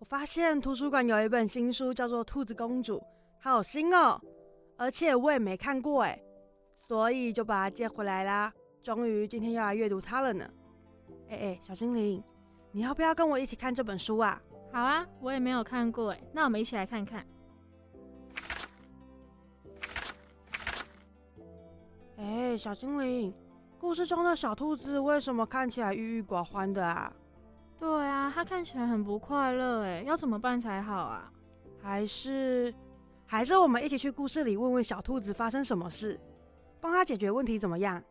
我發現圖書館有一本新書，叫做《兔子公主》，好新哦！而且我也沒看過誒，所以就把它借回來啦。終於今天要來閱讀它了呢。哎哎，小精靈，你要不要跟我一起看這本書啊？好啊，我也沒有看過誒，那我們一起來看看。哎，小精靈，故事中的小兔子為什麼看起來鬱鬱寡歡的啊？對啊，他看起來很不快樂哎，要怎麼辦才好啊？還是，還是我們一起去故事裡問問小兔子發生什麼事，幫他解決問題怎麼樣？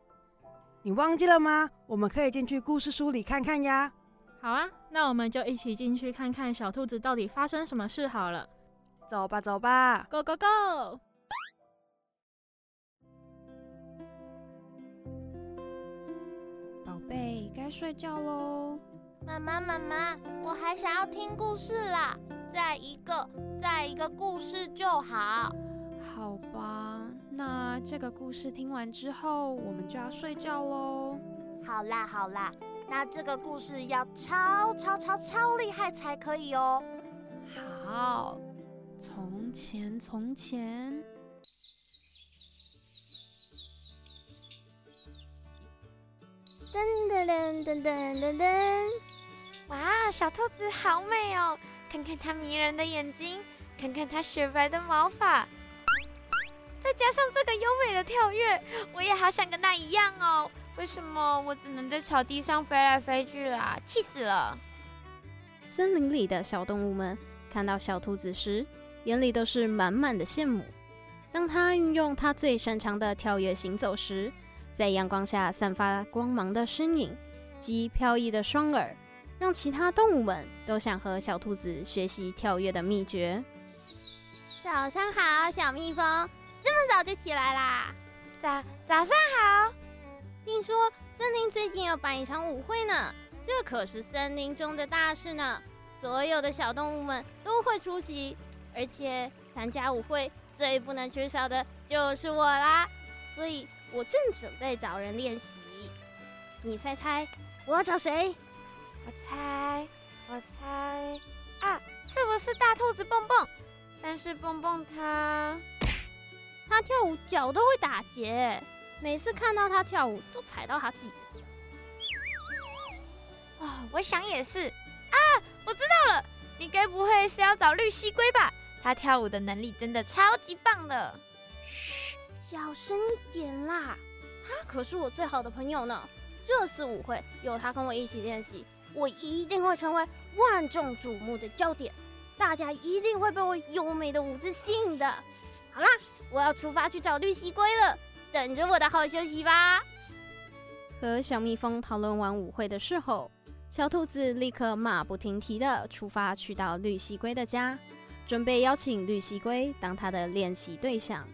你忘記了嗎？我們可以進去故事書裡看看呀。好啊，那我們就一起進去看看小兔子到底發生什麼事好了。走吧，走吧，Go Go Go！寶貝，該睡覺嘍。媽媽，媽媽，我還想要聽故事啦！再一個，再一個故事就好。好吧，那這個故事聽完之後，我們就要睡覺嘍，哦。好啦，好啦，那這個故事要超超超超厲害才可以哦。好，從前，從前。噔噔噔噔噔噔噔。哇，小兔子好美哦！看看它迷人的眼睛，看看它雪白的毛髮，再加上這個優美的跳躍，我也好想跟它一樣哦。為什麼我只能在草地上飛來飛去啦？氣死了！森林裡的小動物們看到小兔子時，眼裡都是滿滿的羨慕。當它運用它最擅長的跳躍行走時，在陽光下散發光芒的身影及飄逸的雙耳。讓其他動物們都想和小兔子學習跳躍的秘訣。早上好，小蜜蜂，這麼早就起來啦？早早上好。聽說森林最近要辦一場舞會呢，這可是森林中的大事呢，所有的小動物們都會出席。而且參加舞會最不能缺少的就是我啦，所以我正準備找人練習。你猜猜，我要找誰？我猜，我猜，啊，是不是大兔子蹦蹦？但是蹦蹦它它跳舞腳都會打結，每次看到它跳舞都踩到它自己的腳。啊、哦，我想也是。啊，我知道了，你該不會是要找綠西龜吧？它跳舞的能力真的超級棒的。噓，小聲一點啦，它、啊、可是我最好的朋友呢。這次舞會有它跟我一起練習。我一定會成為萬眾矚目的焦點，大家一定會被我優美的舞姿吸引的。好啦，我要出發去找綠蜥龜了，等着我的好消息吧。和小蜜蜂討論完舞會的時候，小兔子立刻馬不停蹄地出發去到綠蜥龜的家，準備邀請綠蜥龜當他的練習對象。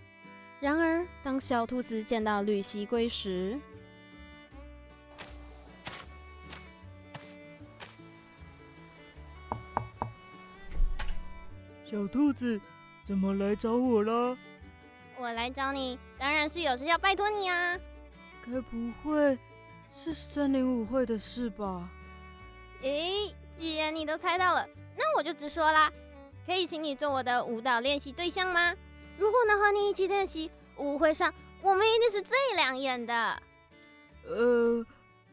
然而，當小兔子見到綠蜥龜時，小兔子，怎麼來找我啦？我來找你，當然是有事要拜托你啊。該不會是森林舞會的事吧？誒，既然你都猜到了，那我就直說啦。可以請你做我的舞蹈練習對象嗎？如果能和你一起練習，舞會上我們一定是最亮眼的。呃，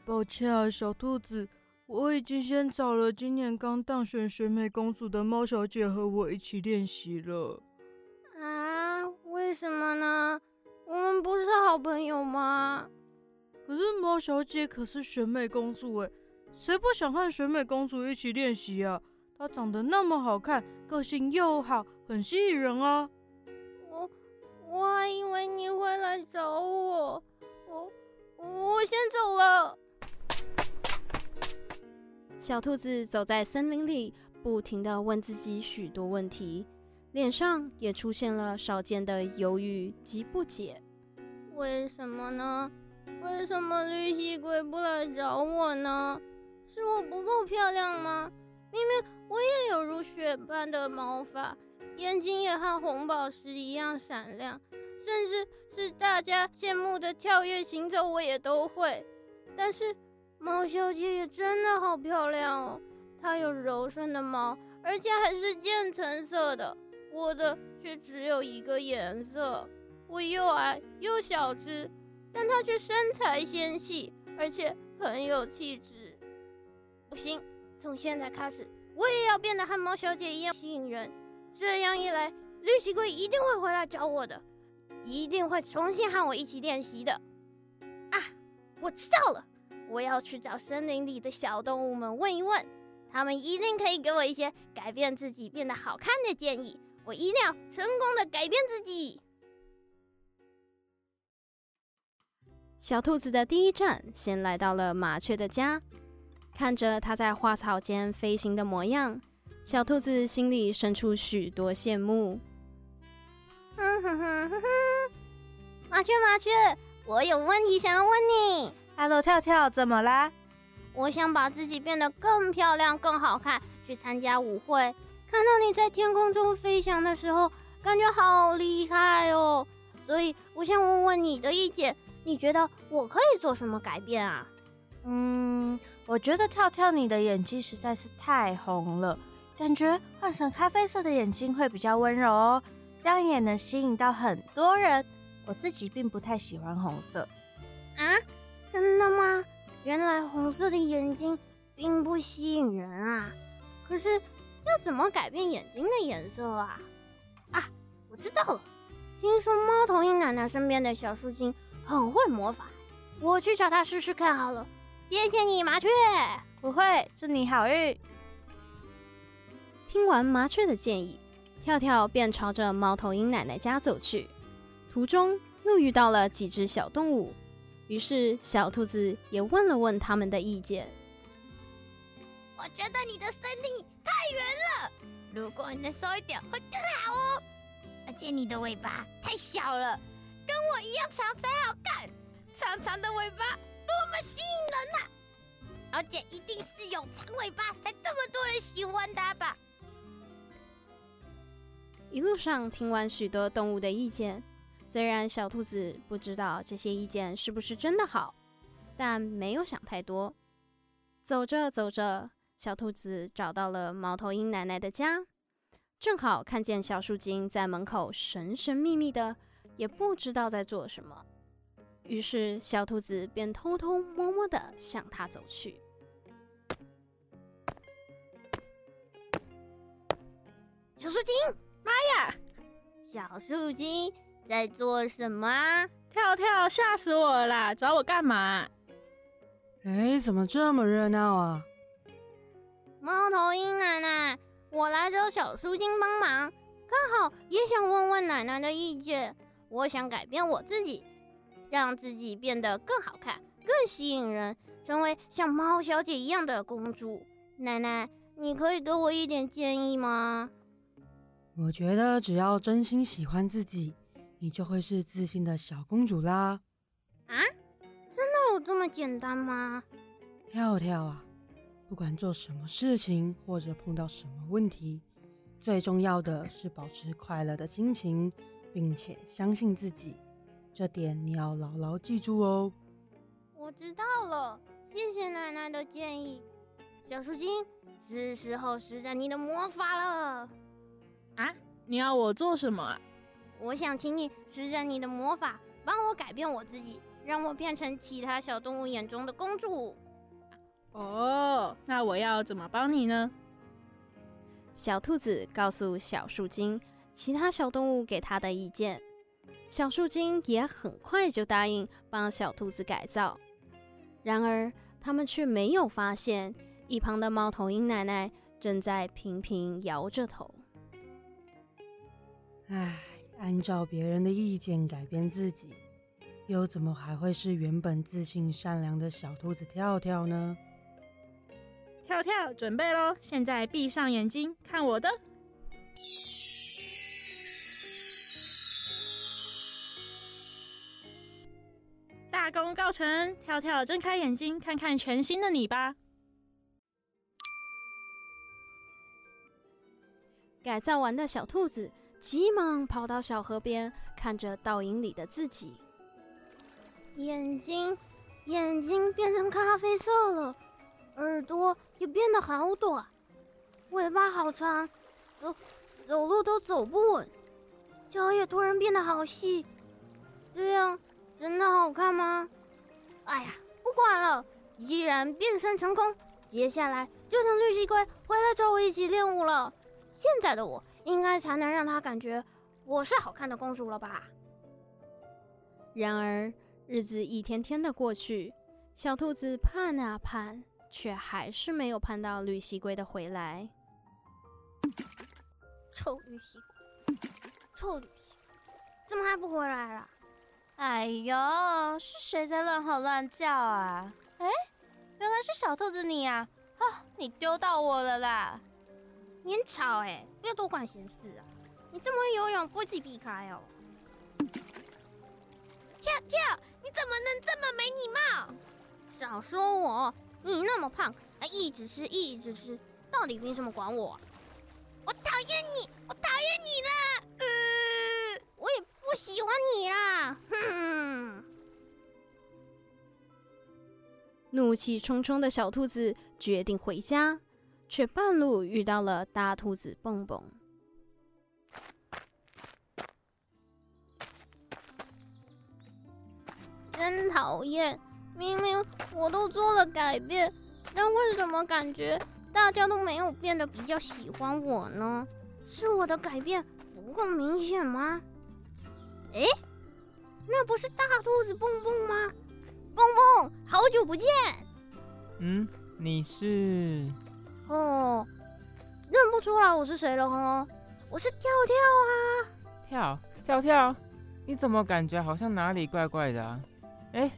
抱歉啊，小兔子。我已經先找了今年剛當選選美公主的貓小姐和我一起練習了。啊？為什麼呢？我們不是好朋友嗎？可是貓小姐可是選美公主哎，誰不想和選美公主一起練習啊？她長得那麼好看，個性又好，很吸引人啊。我我還以為你會來找我，我我先走了。小兔子走在森林裡，不停地問自己許多問題，臉上也出現了少見的猶豫及不解。為什麼呢？為什麼綠蜥龜不來找我呢？是我不夠漂亮嗎？明明我也有如雪般的毛髮，眼睛也和紅寶石一樣閃亮，甚至是大家羨慕的跳躍行走，我也都會。但是。貓小姐也真的好漂亮哦，她有柔順的毛，而且還是漸層色的。我的卻只有一個顏色，我又矮又小只，但她卻身材纖細，而且很有氣質。不行，從現在開始我也要變得和貓小姐一樣吸引人。這樣一來，綠喜貴一定會回來找我的，一定會重新和我一起練習的。啊，我知道了。我要去找森林裡的小動物們問一問，他們一定可以給我一些改變自己變得好看的建議。我一定要成功的改變自己。小兔子的第一站先來到了麻雀的家，看着它在花草間飛行的模樣，小兔子心裡生出許多羨慕。哈哈哈哈，麻雀麻雀，我有問題想要問你。哈嘍，跳跳，怎麼啦？我想把自己變得更漂亮、更好看，去參加舞會。看到你在天空中飛翔的時候，感覺好厲害哦。所以，我想問問你的意見，你覺得我可以做什麼改變啊？嗯，我覺得跳跳，你的眼睛實在是太紅了，感覺換成咖啡色的眼睛會比較溫柔哦。這樣也能吸引到很多人。我自己並不太喜歡紅色。啊？原來紅色的眼睛並不吸引人啊！可是要怎麼改變眼睛的顏色啊？啊，我知道了！聽說貓頭鷹奶奶身邊的小樹精很會魔法，我去找他試試看好了。謝謝你，麻雀。不會，祝你好運。聽完麻雀的建議，跳跳便朝着貓頭鷹奶奶家走去。途中又遇到了幾隻小動物。於是，小兔子也問了問他們的意見。我覺得你的身體太圓了，如果你能瘦一點會更好哦。而且你的尾巴太小了，跟我一樣長才好看。長長的尾巴多麼吸引人啊！而且一定是有長尾巴才這麼多人喜歡它吧？一路上聽完許多動物的意見。雖然小兔子不知道這些意見是不是真的好，但沒有想太多。走着走着，小兔子找到了貓頭鷹奶奶的家，正好看見小樹精在門口神神秘秘的，也不知道在做什麼。於是，小兔子便偷偷摸摸的向他走去。小樹精，媽呀！小樹精。在做什麼啊？跳跳，嚇死我了！找我幹嘛？哎，怎麼這麼熱鬧啊？貓頭鷹奶奶，我來找小書精幫忙，剛好也想問問奶奶的意見。我想改變我自己，讓自己變得更好看，更吸引人，成為像貓小姐一樣的公主。奶奶，你可以給我一點建議嗎？我覺得只要真心喜歡自己，你就會是自信的小公主啦！啊，真的有這麼簡單嗎？跳跳啊，不管做什麼事情或者碰到什麼問題，最重要的是保持快樂的心情，並且相信自己，這點你要牢牢記住哦。我知道了，謝謝奶奶的建議。小樹精，是時候施展你的魔法了。啊，你要我做什麼啊？我想請你施展你的魔法，幫我改變我自己，讓我變成其他小動物眼中的公主。哦，那我要怎麼幫你呢？小兔子告訴小樹精其他小動物給他的意見，小樹精也很快就答應幫小兔子改造。然而，他們卻沒有發現一旁的貓頭鷹奶奶正在頻頻搖着頭。唉。按照別人的意見改變自己，又怎麼還會是原本自信善良的小兔子跳跳呢？跳跳，準備咯，現在閉上眼睛，看我的。大功告成！跳跳，睜開眼睛，看看全新的你吧。改造完的小兔子。急忙跑到小河邊，看着倒影裡的自己。眼睛，眼睛變成咖啡色了；耳朵也變得好短，尾巴好長，走走路都走不穩，腳也突然變得好細。這樣真的好看嗎？哎呀，不管了，既然變身成功，接下來就等綠西龜回來找我一起練舞了。現在的我。應該才能讓他感覺我是好看的公主了吧？然而，日子一天天的過去，小兔子盼啊盼，卻還是沒有盼到綠西龜的回來。臭綠西龜，臭綠西龜，怎麼還不回來啦？哎呦，是誰在亂吼亂叫啊？哎，原來是小兔子你呀、啊！啊、哦，你丟到我了啦！你很吵欸！不要多管閒事啊！你這麼會游泳，不會自己避開哦？跳跳，你怎麼能這麼沒禮貌？少說我，你那麼胖，還一直吃一直吃，到底憑什麼管我？我討厭你，我討厭你了，呃！我也不喜歡你啦！哼！怒氣衝衝的小兔子決定回家。卻半路遇到了大兔子蹦蹦。真討厭！明明我都做了改變，但為什麼感覺大家都沒有變得比較喜歡我呢？是我的改變不夠明顯嗎？誒，那不是大兔子蹦蹦嗎？蹦蹦，好久不見！嗯，你是？哦，認不出來我是誰了哦？我是跳跳啊，跳跳跳，你怎麼感覺好像哪裡怪怪的、啊？哎、欸，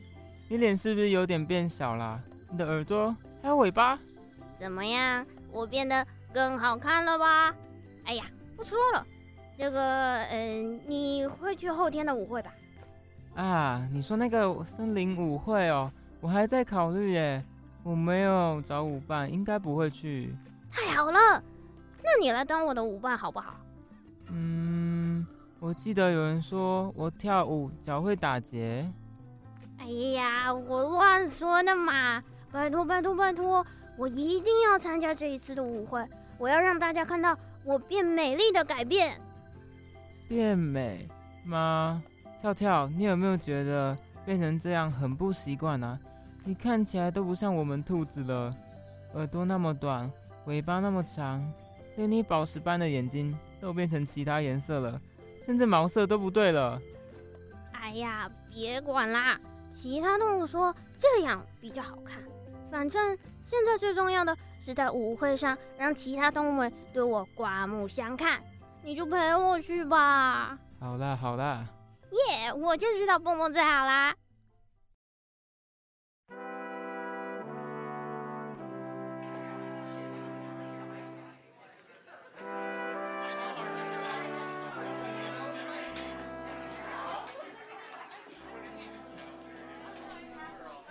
你臉是不是有點變小了、啊？你的耳朵還有尾巴，怎麼樣？我變得更好看了吧？哎呀，不說了，這個嗯、呃，你會去後天的舞會吧？啊，你說那個森林舞會哦，我還在考慮耶。我沒有找舞伴，應該不會去。太好了，那你來當我的舞伴好不好？嗯，我記得有人說我跳舞腳會打結。哎呀，我亂說的嘛！拜託拜託拜託，我一定要參加這一次的舞會，我要讓大家看到我變美麗的改變。變美嗎？跳跳，你有沒有覺得變成這樣很不習慣呢？你看起來都不像我們兔子了，耳朵那麼短，尾巴那麼長，連你寶石般的眼睛都變成其他顏色了，甚至毛色都不對了。哎呀，別管啦！其他動物說這樣比較好看，反正現在最重要的是在舞會上讓其他動物們對我刮目相看。你就陪我去吧。好啦好啦。耶！我就知道蹦蹦最好啦。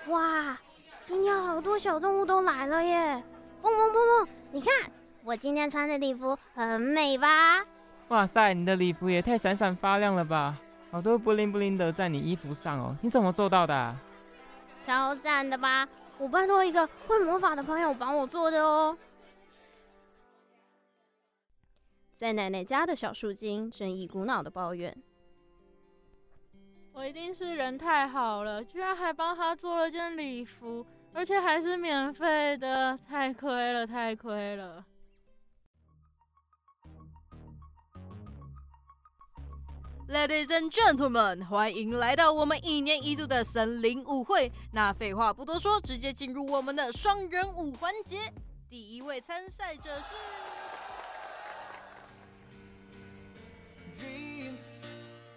哇，今天好多小動物都來了耶！蹦蹦蹦蹦，你看我今天穿的禮服很美吧？哇塞，你的禮服也太閃閃發亮了吧！好多布靈布靈的在你衣服上哦，你怎麼做到的啊？超讚的吧？我拜托一個會魔法的朋友幫我做的哦。在奶奶家的小樹精正一股腦的抱怨。我一定是人太好了，居然還幫他做了件禮服，而且還是免費的，太虧了，太虧了。Ladies and gentlemen，歡迎來到我們一年一度的森林舞會。那廢話不多說，直接進入我們的雙人舞環節。第一位參賽者是。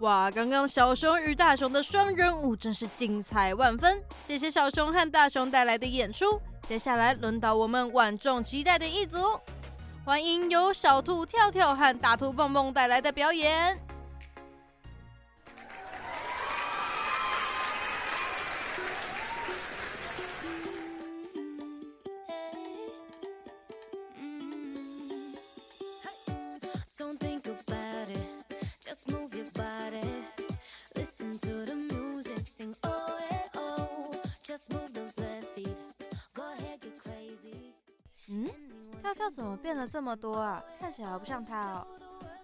哇，剛剛小熊與大熊的雙人舞真是精彩萬分！謝謝小熊和大熊帶來的演出。接下來輪到我們萬眾期待的一組，歡迎由小兔跳跳和大兔蹦蹦帶來的表演。跳怎麼變了這麼多啊？看起來還不像它哦。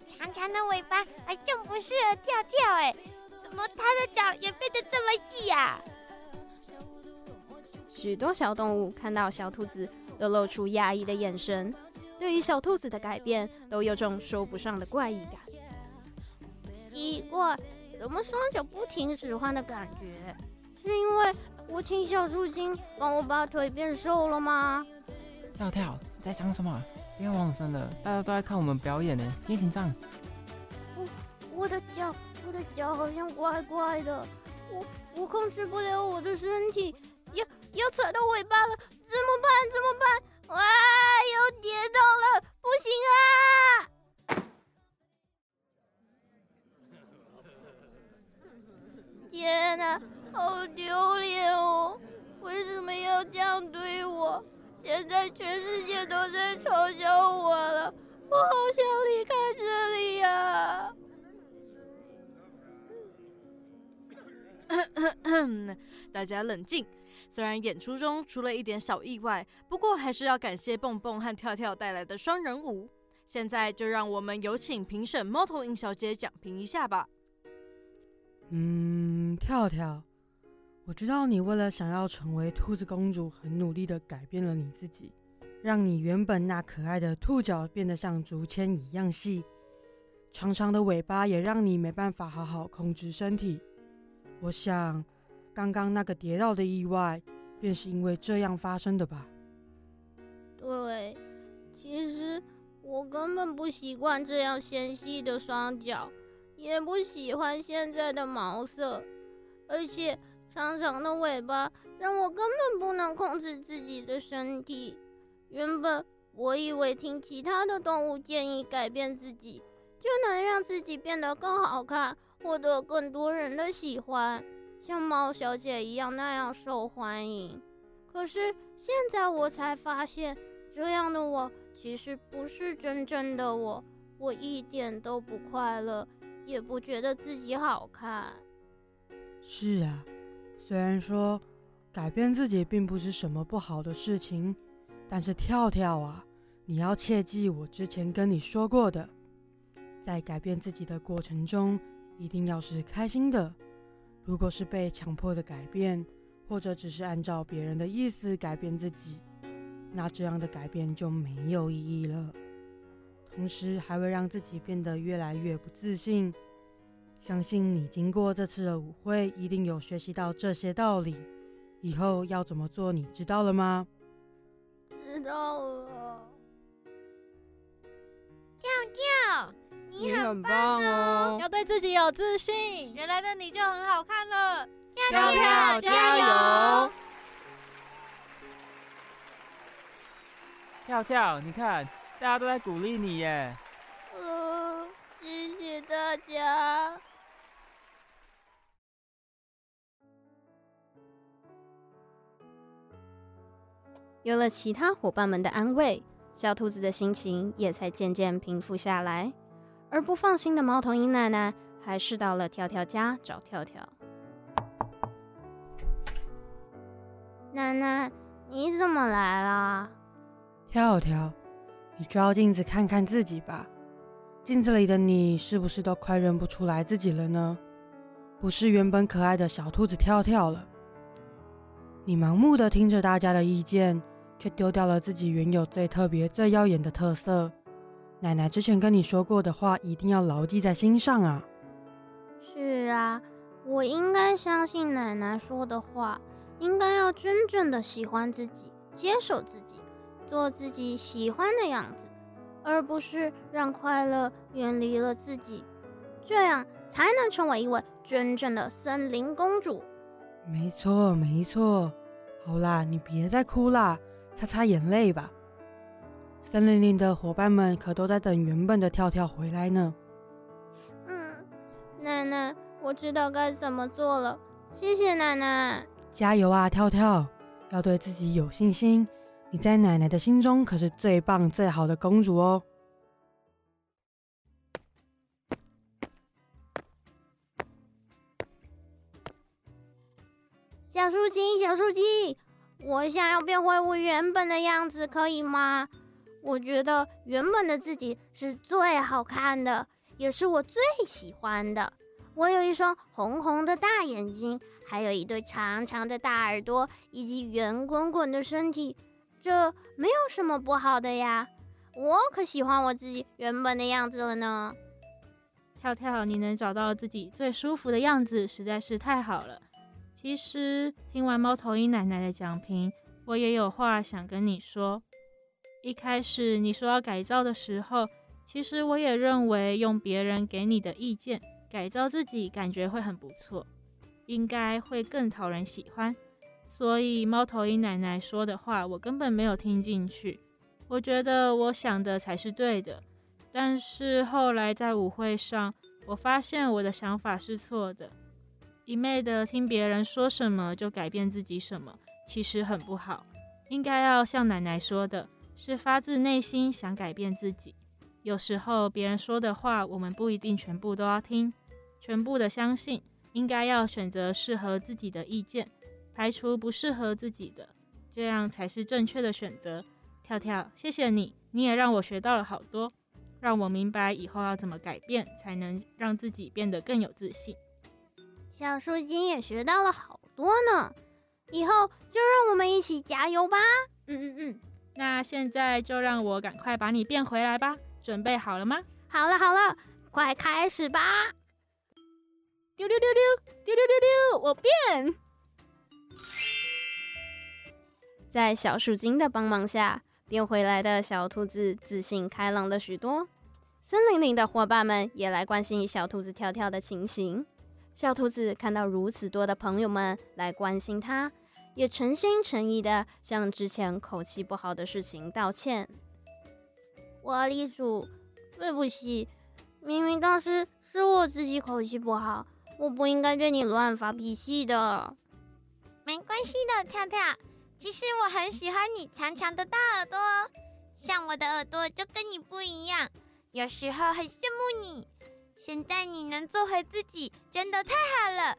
長長的尾巴還真不適合跳跳哎，怎麼它的腳也變得這麼細呀、啊？許多小動物看到小兔子都露出訝異的眼神，對於小兔子的改變都有種說不上的怪異感。奇怪，怎麼雙腳不聽使喚的感覺？是因為我請小豬精幫我把腿變瘦了嗎？跳跳。在想什麼？不要妄想了，大家都在看我們表演呢。你聽緊，我我的腳，我的腳好像怪怪的。我我控制不了我的身體，要要踩到尾巴了，怎麼辦？怎麼辦？哇、啊！又跌倒了，不行啊！天哪、啊，好丟臉哦！為什麼要這樣對我？現在全世界都在嘲笑我了，我好想離開這裡呀、啊 大家冷靜，雖然演出中出了一點小意外，不過還是要感謝蹦蹦和跳跳帶來的雙人舞。現在就讓我們有請評審貓頭鷹小姐講評一下吧。嗯，跳跳。我知道你為了想要成為兔子公主，很努力地改變了你自己，讓你原本那可愛的兔腳變得像竹籤一樣細，長長的尾巴也讓你沒辦法好好控制身體。我想，剛剛那個跌倒的意外，便是因為這樣發生的吧？對，其實我根本不習慣這樣纖細的雙腳，也不喜歡現在的毛色，而且。長長的尾巴讓我根本不能控制自己的身體。原本我以為聽其他的動物建議改變自己，就能讓自己變得更好看，獲得更多人的喜歡，像貓小姐一樣那樣受歡迎。可是現在我才發現，這樣的我其實不是真正的我。我一點都不快樂，也不覺得自己好看。是啊。雖然說，改變自己並不是什麼不好的事情，但是跳跳啊，你要切記我之前跟你說過的，在改變自己的過程中，一定要是開心的。如果是被強迫的改變，或者只是按照別人的意思改變自己，那這樣的改變就沒有意義了，同時還會讓自己變得越來越不自信。相信你經過這次的舞會，一定有學習到這些道理。以後要怎麼做，你知道了嗎？知道了。跳跳你、哦，你很棒哦！要對自己有自信。原來的你就很好看了。跳跳，跳跳加油，加油！跳跳，你看，大家都在鼓勵你耶。哦、嗯，謝謝大家。有了其他伙伴們的安慰，小兔子的心情也才漸漸平復下來。而不放心的貓頭鷹奶奶還是到了跳跳家找跳跳。奶奶，你怎麼來了？跳跳，你照鏡子看看自己吧，鏡子裡的你是不是都快認不出來自己了呢？不是原本可愛的小兔子跳跳了。你盲目的聽着大家的意見。卻丟掉了自己原有最特別、最耀眼的特色。奶奶之前跟你說過的話，一定要牢記在心上啊！是啊，我應該相信奶奶說的話，應該要真正的喜歡自己，接受自己，做自己喜歡的樣子，而不是讓快樂遠離了自己，這樣才能成為一位真正的森林公主。沒錯，沒錯。好啦，你別再哭啦。擦擦眼淚吧，森林裡的夥伴們可都在等原本的跳跳回來呢。嗯，奶奶，我知道該怎麼做了，謝謝奶奶。加油啊，跳跳！要對自己有信心。你在奶奶的心中可是最棒、最好的公主哦。小樹精，小樹精。我想要變回我原本的樣子，可以嗎？我覺得原本的自己是最好看的，也是我最喜歡的。我有一雙紅紅的大眼睛，還有一對長長的大耳朵，以及圓滾滾的身體。這沒有什麼不好的呀。我可喜歡我自己原本的樣子了呢。跳跳，你能找到自己最舒服的樣子，實在是太好了。其實聽完貓頭鷹奶奶的講評，我也有話想跟你說。一開始你說要改造的時候，其實我也認為用別人給你的意見改造自己，感覺會很不錯，應該會更討人喜歡。所以貓頭鷹奶奶說的話，我根本沒有聽進去。我覺得我想的才是對的，但是後來在舞會上，我發現我的想法是錯的。一昧的聽別人說什麼就改變自己什麼，其實很不好。應該要像奶奶說的，是發自內心想改變自己。有時候別人說的話，我們不一定全部都要聽，全部的相信，應該要選擇適合自己的意見，排除不適合自己的，這樣才是正確的選擇。跳跳，謝謝你，你也讓我學到了好多，讓我明白以後要怎麼改變，才能讓自己變得更有自信。小樹精也學到了好多呢，以後就讓我們一起加油吧！嗯嗯嗯，那現在就讓我趕快把你變回來吧！準備好了嗎？好了好了，快開始吧！丟丟丟丟丟丟丟丟，我變！在小樹精的幫忙下，變回來的小兔子自信開朗了許多。森林裡的夥伴們也來關心小兔子跳跳的情形。小兔子看到如此多的朋友們來關心它，也誠心誠意地向之前口氣不好的事情道歉。瓦力鼠，對不起，明明當時是我自己口氣不好，我不應該對你亂發脾氣的。沒關係的，跳跳，其實我很喜歡你長長的大耳朵，像我的耳朵就跟你不一樣，有時候很羨慕你。現在你能做回自己，真的太好了。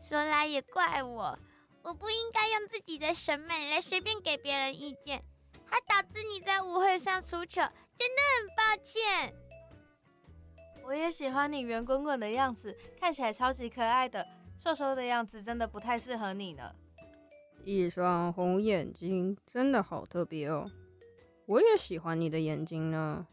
說來也怪我，我不應該用自己的審美來隨便給別人意見，還導致你在舞會上出糗，真的很抱歉。我也喜歡你圓滾滾的樣子，看起來超級可愛的。瘦瘦的樣子真的不太適合你呢。一雙紅眼睛真的好特別哦，我也喜歡你的眼睛呢。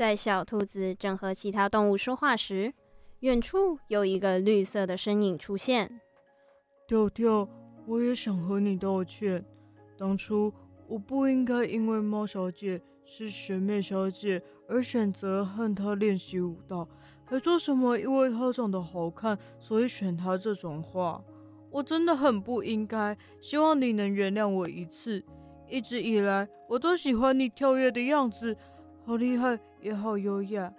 在小兔子正和其他動物說話時，遠處有一個綠色的身影出現。跳跳，我也想和你道歉。當初我不應該因為貓小姐是學妹小姐而選擇和她練習舞蹈，還說什麼因為她長得好看所以選她這種話，我真的很不應該。希望你能原諒我一次。一直以來，我都喜歡你跳躍的樣子，好厲害！也好優雅。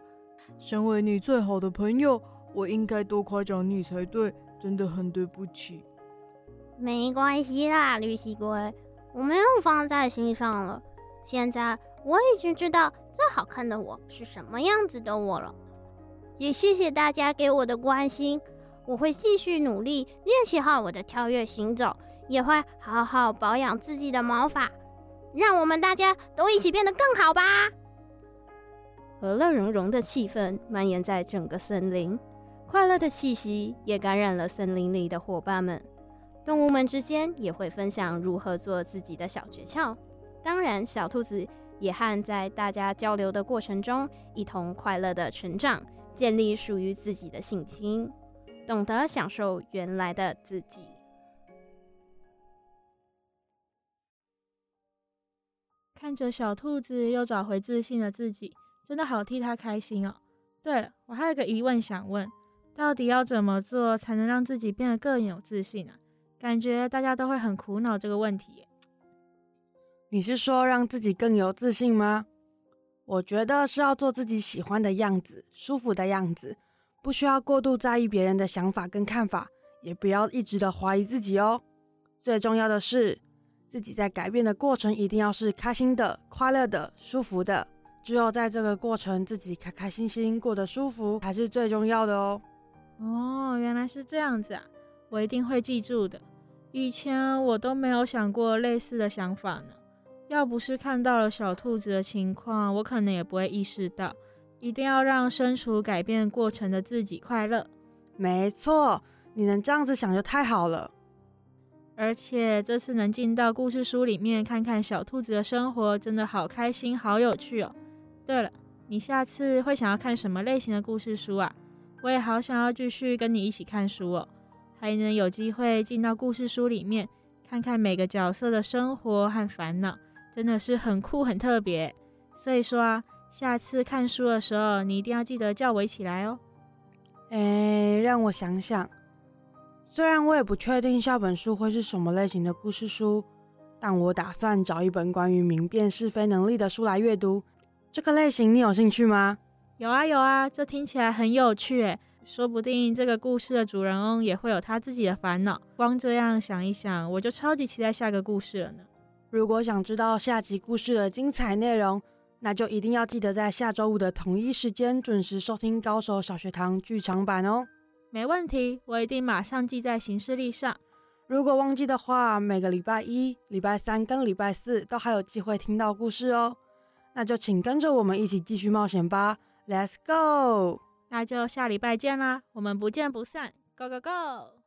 身為你最好的朋友，我應該多誇獎你才對。真的很對不起。沒關係啦，綠西龜，我沒有放在心上了。現在我已經知道最好看的我是什麼樣子的我了。也謝謝大家給我的關心，我會繼續努力練習好我的跳躍行走，也會好好保養自己的毛髮，讓我們大家都一起變得更好吧。 和樂融融的氣氛蔓延在整個森林，快樂的氣息也感染了森林裡的夥伴們。動物們之間也會分享如何做自己的小訣竅。當然，小兔子也和在大家交流的過程中一同快樂的成長，建立屬於自己的信心，懂得享受原來的自己。看着小兔子又找回自信的自己。真的好替他開心哦！對了，我還有一個疑問想問，到底要怎麼做才能讓自己變得更有自信啊？感覺大家都會很苦惱這個問題。你是說讓自己更有自信嗎？我覺得是要做自己喜歡的樣子，舒服的樣子，不需要過度在意別人的想法跟看法，也不要一直的懷疑自己哦。最重要的是，自己在改變的過程一定要是開心的、快樂的、舒服的。只有在這個過程，自己開開心心過得舒服才是最重要的哦。哦，原來是這樣子啊！我一定會記住的。以前我都沒有想過類似的想法呢。要不是看到了小兔子的情況，我可能也不會意識到，一定要讓身處改變過程的自己快樂。沒錯，你能這樣子想就太好了。而且這次能進到故事書裡面看看小兔子的生活，真的好開心，好有趣哦。對了，你下次會想要看什麼類型的故事書啊？我也好想要繼續跟你一起看書哦，還能有機會進到故事書裡面，看看每個角色的生活和煩惱，真的是很酷很特別。所以說啊，下次看書的時候，你一定要記得叫我起來哦。哎，讓我想想，雖然我也不確定下本書會是什麼類型的故事書，但我打算找一本關於明辨是非能力的書來閱讀。這個類型你有興趣嗎？有啊有啊，這聽起來很有趣誒。說不定這個故事的主人翁也會有他自己的煩惱。光這樣想一想，我就超級期待下個故事了呢。如果想知道下集故事的精彩內容，那就一定要記得在下周五的同一時間準時收聽《高手小學堂劇場版》哦。沒問題，我一定馬上記在行事曆上。如果忘記的話，每個禮拜一、禮拜三跟禮拜四都還有機會聽到故事哦。那就請跟着我們一起繼續冒險吧，Let's go！那就下禮拜見啦，我們不見不散，Go go go！